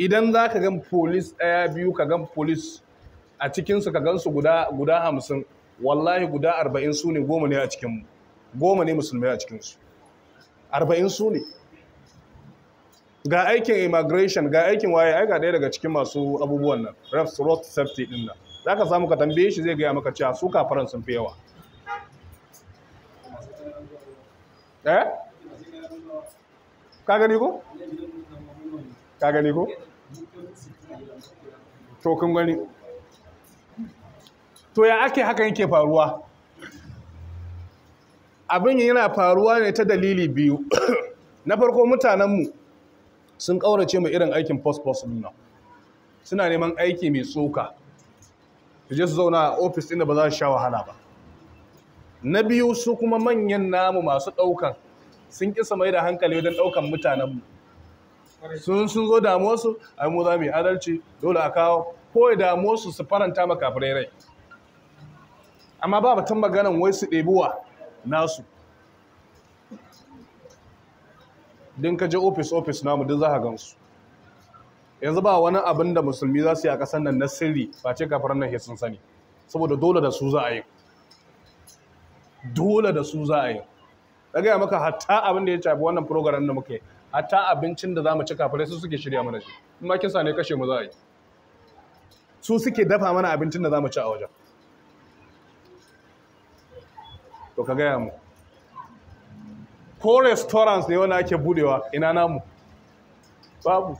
idan za ka gan polis ɗaya biyu ka gan polis a cikinsu ka gan su guda hamsin wallahi guda arba'in su ne goma ne a cikinmu goma ne musulmai a cikinsu arba'in su ne ga aikin immigration ga aikin waye aika ɗaya daga cikin masu abubuwan nan refs rot safety ɗin nan za ka samu ka tambaye shi zai gaya maka cewa su kafaran sun fi yawa eh ka gani ko ka gani ko to kun gani to ya ake haka yake faruwa abin yana faruwa ne ta dalili biyu na farko mutanenmu sun ƙaurace mu irin aikin post-post nuna suna neman aiki mai tsoka su je su zauna a ofis inda ba za su sha wahala ba na biyu su kuma manyan namu masu ɗaukan sun ƙi mai da hankali wajen ɗaukan mutanenmu sun sun zo damuwar su ai mu za mu yi adalci dole a kawo ko ya damuwar su su faranta ma kafirai rai amma ba batun maganan wai su ɗebuwa nasu din ka je office office namu din za ka gansu yanzu ba wani abin da musulmi za su yi a ƙasar nan na sirri ba ce kafiran nan sun sani saboda dole da su za a yi dole da su za a yi daga maka hatta abin da ya shafi wannan program da muke hatta abincin da za mu ci kafirai su suke shirya mana shi in ma kin ne kashe mu za a yi su suke dafa mana abincin da za mu ci a wajen to ka gaya mu ko restaurants ne wanda ake budewa ina namu babu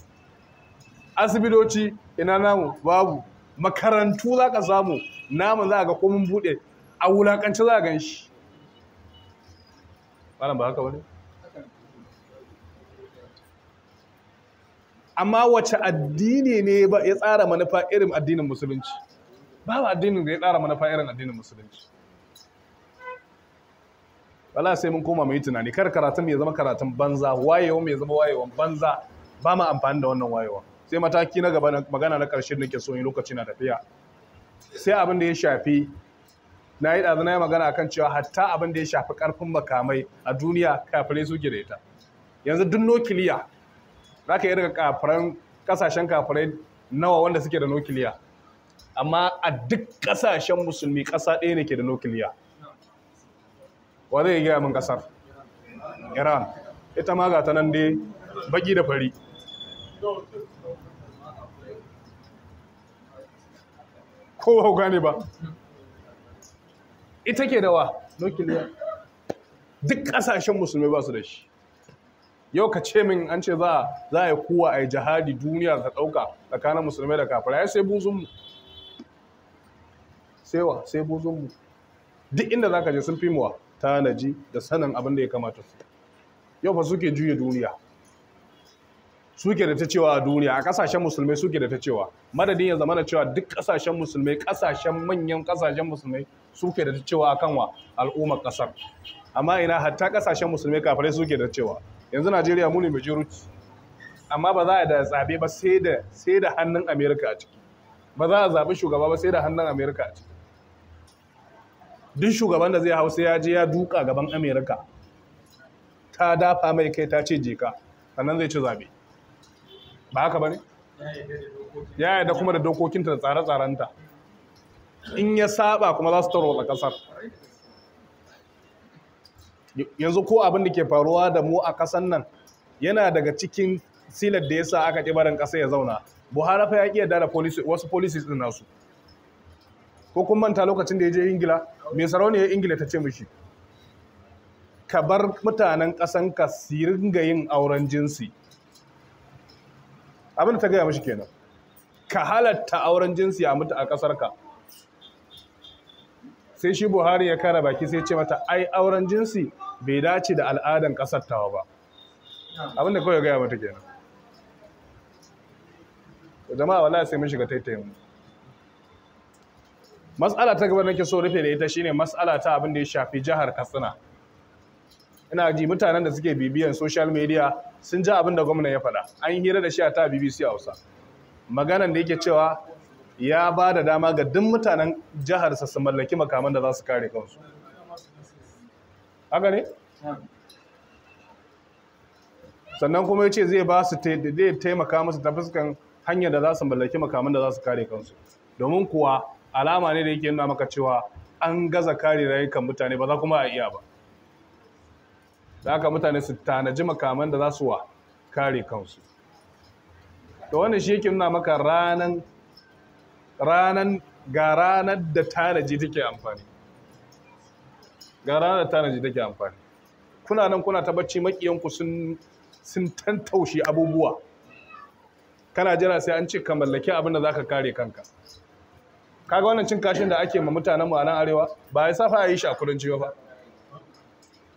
asibitoci ina namu babu makarantu za ka samu namu za a ga komin bude a wulakanci za a gan shi malam ba haka wani amma wace addini ne ba ya tsara manufa irin addinin musulunci babu addinin da ya tsara manufa irin addinin musulunci wala sai mun koma mu yi tunani kar karatun ya zama karatun banza wayewa ya zama wayewan banza ba mu amfani da wannan wayewa sai mataki na gaba magana na karshe nake so yi lokaci na tafiya sai abin da ya shafi na yi ɗazu na yi magana akan cewa hatta abin da ya shafi ƙarfin makamai a duniya kafin suke da ita yanzu duk nukiliya za ka yi daga kafiran kasashen kafirai nawa wanda suke da nukiliya amma a duk kasashen musulmi kasa ɗaya ne ke da nukiliya wa zai gaya min kasar iran ita ma ga ta nan dai baki da fari Ko ku gane ba ita ke da wa nukiliya duk kasashen musulmi ba su da shi yau ka ce min an ce za a yi kuwa a yi jihadi duniya ta ɗauka tsakanin musulmai da kafira ya sai buzunmu sewa sai buzunmu duk inda za ka je sun fi muwa tanaji da sanin abin da ya kamata su yau fa suke juya duniya suke da ta cewa a duniya a kasashen musulmai suke da ta cewa madadin ya zama cewa duk kasashen musulmai kasashen manyan kasashen musulmai suke da ta cewa a kanwa? al'ummar kasar amma ina hatta kasashen musulmai kafirai suke da cewa yanzu najeriya mu ne majority amma ba za a da zabe ba sai da sai da hannun america a ciki ba za a zabi shugaba ba sai da hannun america a ciki duk shugaban da zai hau sai ya je ya duka gaban america ta dafa mai kai ta ce jeka sannan zai ci zabe ba haka ba ne ya yarda kuma da dokokinta da tsare-tsarenta in ya saba kuma za su tarwata kasar yanzu ko abin da ke faruwa da mu a ƙasar nan yana daga cikin silar da ya sa aka ƙi barin ƙasa ya zauna buhari fa ya ƙi yarda da wasu policies ɗin nasu ko kun manta lokacin da ya je ingila mai sarauniyar ingila ta ce mishi ka bar mutanen ƙasanka su ringa yin auren jinsi abin da ta gaya mishi kenan ka halatta auren jinsi a mutu a ƙasarka sai shi buhari ya kara baki sai ce mata ai auren jinsi bai dace da al'adan kasar tawa ba abin da kawai gaya mata kenan jama'a wala sai mun shiga taitayin matsala ta gaba nake so rufe da ita shine matsala ta abin da ya shafi jihar katsina ina ji mutanen da suke bibiyan social media sun ji abin da gwamna ya faɗa an yi hira da shi a ta bbc hausa maganan da yake cewa ya ba da dama ga duk mutanen jiharsa su mallaki makaman da za su kare kansu haka ne? sannan kuma ya ce zai ba su taimaka musu ta fuskan hanyar da za su mallaki makaman da za su kare kansu domin kuwa alama ne da yake nuna maka cewa an gaza kare rayukan mutane ba za kuma a iya ba da haka mutane su tanaji makaman da za su wa kare kansu to wannan shi yake nuna maka ranan ranan ga ranar da tanaji take amfani ga ranar da tanaji take amfani kuna nan kuna ta bacci makiyanku sun sun tantaushe abubuwa kana jira sai an ce ka mallaki abin da zaka kare kanka kaga wannan cin kashin da ake ma mutanen mu a nan arewa ba ya safa yi ciwa ba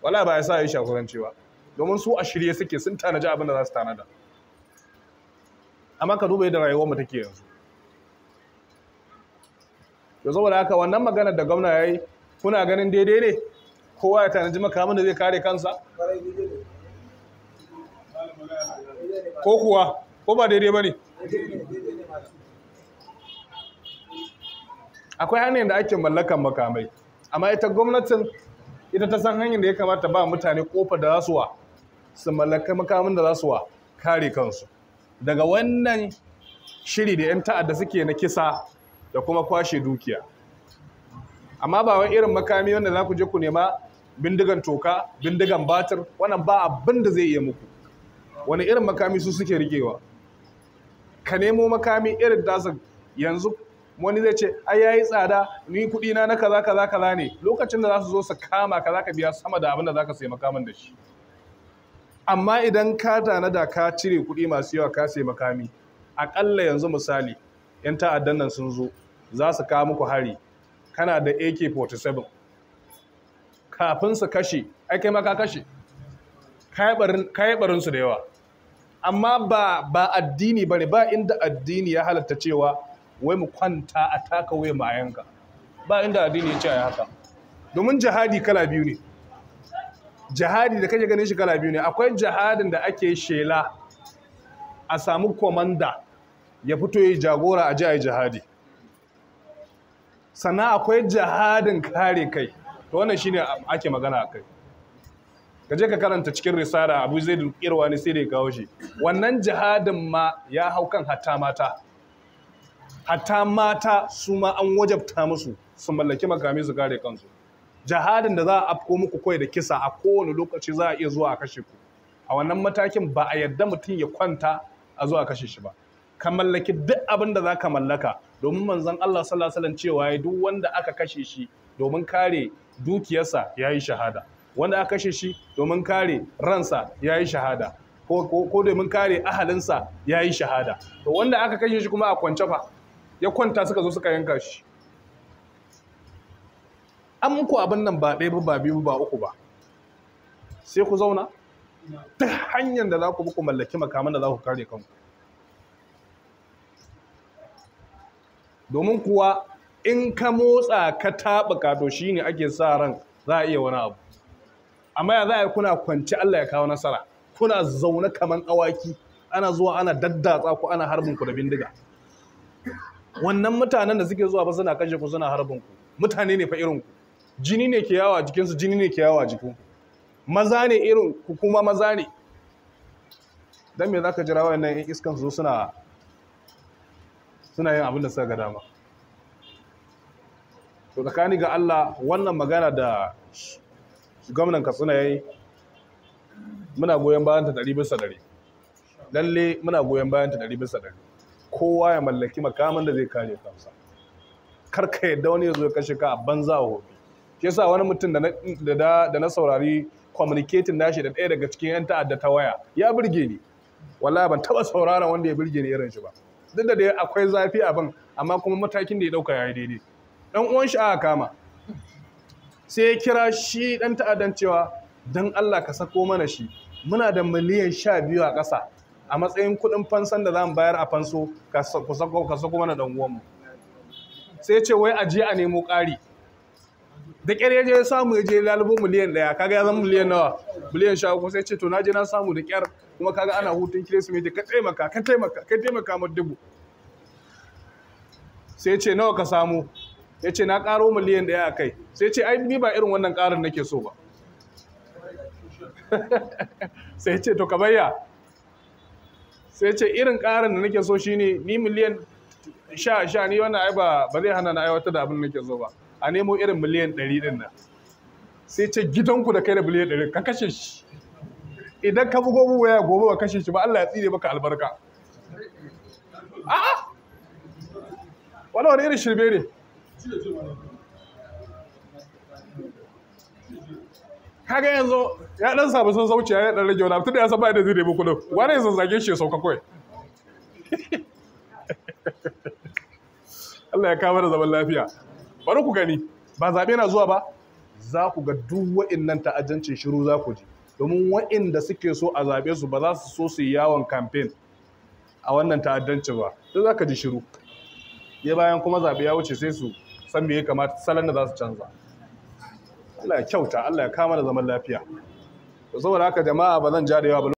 wala ba ya sa yi shakuranci ciwa domin su a shirye suke sun tanaji abin da za su tanada amma ka duba yadda rayuwar mu take yanzu to saboda haka wannan magana da gwamna ya yi kuna ganin daidai ne kowa ya tanaji makamin da zai kare kansa ko kuwa ko ba daidai ba ne akwai hanyar da ake mallakan makamai amma ita gwamnatin ita ta san hanyar da ya kamata ba mutane kofar da za su wa su mallaka makamin da za su kare kansu daga wannan shiri da 'yan ta'adda suke na kisa da kuma kwashe dukiya amma ba wani irin makami wanda za ku je ku nema bindigan toka bindigan batir wannan ba abin da zai iya muku wani irin makami su suke rigewa ka nemo makami irin tasa yanzu wani zai ce ai yayi tsada ni kudi na na kaza kaza kaza ne lokacin da za su zo su kama ka ka biya sama da abin da za ka sai makaman da shi amma idan ka tanada ka cire kuɗi masu yawa ka sai makami akalla yanzu misali yan ta'addan nan sun zo za su kawo muku hari kana da AK47 kafin su kashe ai kai ka kashe kai su da yawa amma ba ba addini bane ba inda addini ya halatta cewa wai mu kwanta a taka wai mayanka ba inda addini ya ce a haka domin jihadi kala biyu ne jihadi da kake ganin shi kala biyu ne akwai jihadin da ake shela a samu komanda ya fito ya jagora a ji a yi jihadi sannan akwai jihadin kare kai to wannan shine ake magana a kai ka je ka karanta cikin risala abu zai irwa ne sai da ya kawo shi wannan jihadin ma ya hau kan hatta mata hatta mata su ma an wajabta musu su mallaki makami su kare kansu jihadin da za a afko muku kawai da kisa a kowane lokaci za a iya zuwa a kashe ku a wannan matakin ba a yadda mutum ya kwanta a zuwa kashe shi ba ka mallaki duk abin da za ka mallaka domin manzon Allah sallallahu alaihi wasallam cewa duk wanda aka kashe shi domin kare dukiyarsa yayi shahada wanda aka kashe shi domin kare ransa yayi shahada ko domin kare ahalinsa yayi shahada to wanda aka kashe shi kuma a kwance fa ya kwanta suka zo suka yanka shi an muku abin nan ba ɗaya ba biyu ba uku ba sai ku zauna duk hanyar da za ku ku mallaki makaman da za ku kare kanku domin kuwa in ka motsa ka taɓa kato shi ne ake sa ran za a iya wani abu amma ya za a kuna kwanci Allah ya kawo nasara kuna zaune kaman awaki ana zuwa ana daddatsa ku ana harbin ku da bindiga wannan mutanen da suke zuwa ba suna kashe ku suna harbin ku mutane ne fa irin ku jini ne ke yawa jikinsu jini ne ke yawa jikin maza ne irin ku kuma maza ne dan me zaka jira wayannan iskan su suna suna yin abin da suka ga dama to tsakani ga Allah wannan magana da gwamnan Katsina yi muna goyon bayan ta dari bisa dari lalle muna goyon bayan ta dari bisa dari kowa ya mallaki makaman da zai kare kansa kar ka yadda wani ya zo kashe ka a banza a hobi shi yasa wani mutum da na saurari communicating nashi da ɗaya daga cikin 'yan ta'adda ta waya ya birge ni wallahi ban taba sauraron wanda ya birge ni irin shi ba duk da dai akwai zafi a abin amma kuma matakin da ya dauka yi daidai dan uwan shi aka kama sai ya kira shi dan ta'addan cewa dan Allah ka sako mana shi muna da miliyan sha biyu a ƙasa a matsayin kuɗin fansan da za mu bayar a fanso ka sako mana dan uwanmu sai ce wai a je a nemo ƙari da kyar ya je ya samu ya je lalubo miliyan ɗaya kaga ya zama miliyan nawa miliyan sha uku sai ce to na je na samu da kyar kuma kaga ana hutun kirsimeti ka taimaka ka taimaka ka taimaka ma dubu sai ce nawa ka samu ya ce na ƙaro miliyan ɗaya a kai sai ce ai ni ba irin wannan ƙarin nake so ba sai ce to ka bayya sai ce irin ƙarin da nake so shine ni miliyan sha sha ni wannan ai ba zai hana na aiwatar da abin nake so ba a nemo irin miliyan ɗari ɗin nan sai ce gidanku da kai da miliyan ɗari ka kashe shi idan ka bugo mu waya gobe ba kashe shi ba Allah ya tsire maka albarka a'a wani wani irin shirme ne kaga yanzu ya dan samu sun sauce ya dan rage wani tunda ya san ba da zai nemi kudin wani yanzu zage shi ya sauka kawai Allah ya kawo da zaman lafiya bari ku gani ba zaɓe na zuwa ba za ku ga duk wa'innan ta'ajjancin shiru za ku ji domin wa'inda suke so a zaɓe su ba za su so su yi yawon kamfen a wannan ta'addancin ba duk za ka ji shiru ya bayan kuma zaɓe ya wuce sai su san me ya kamata salon da za su canza Allah ya kyauta Allah ya kama da zaman lafiya saboda haka jama'a ba zan ja da yawa ba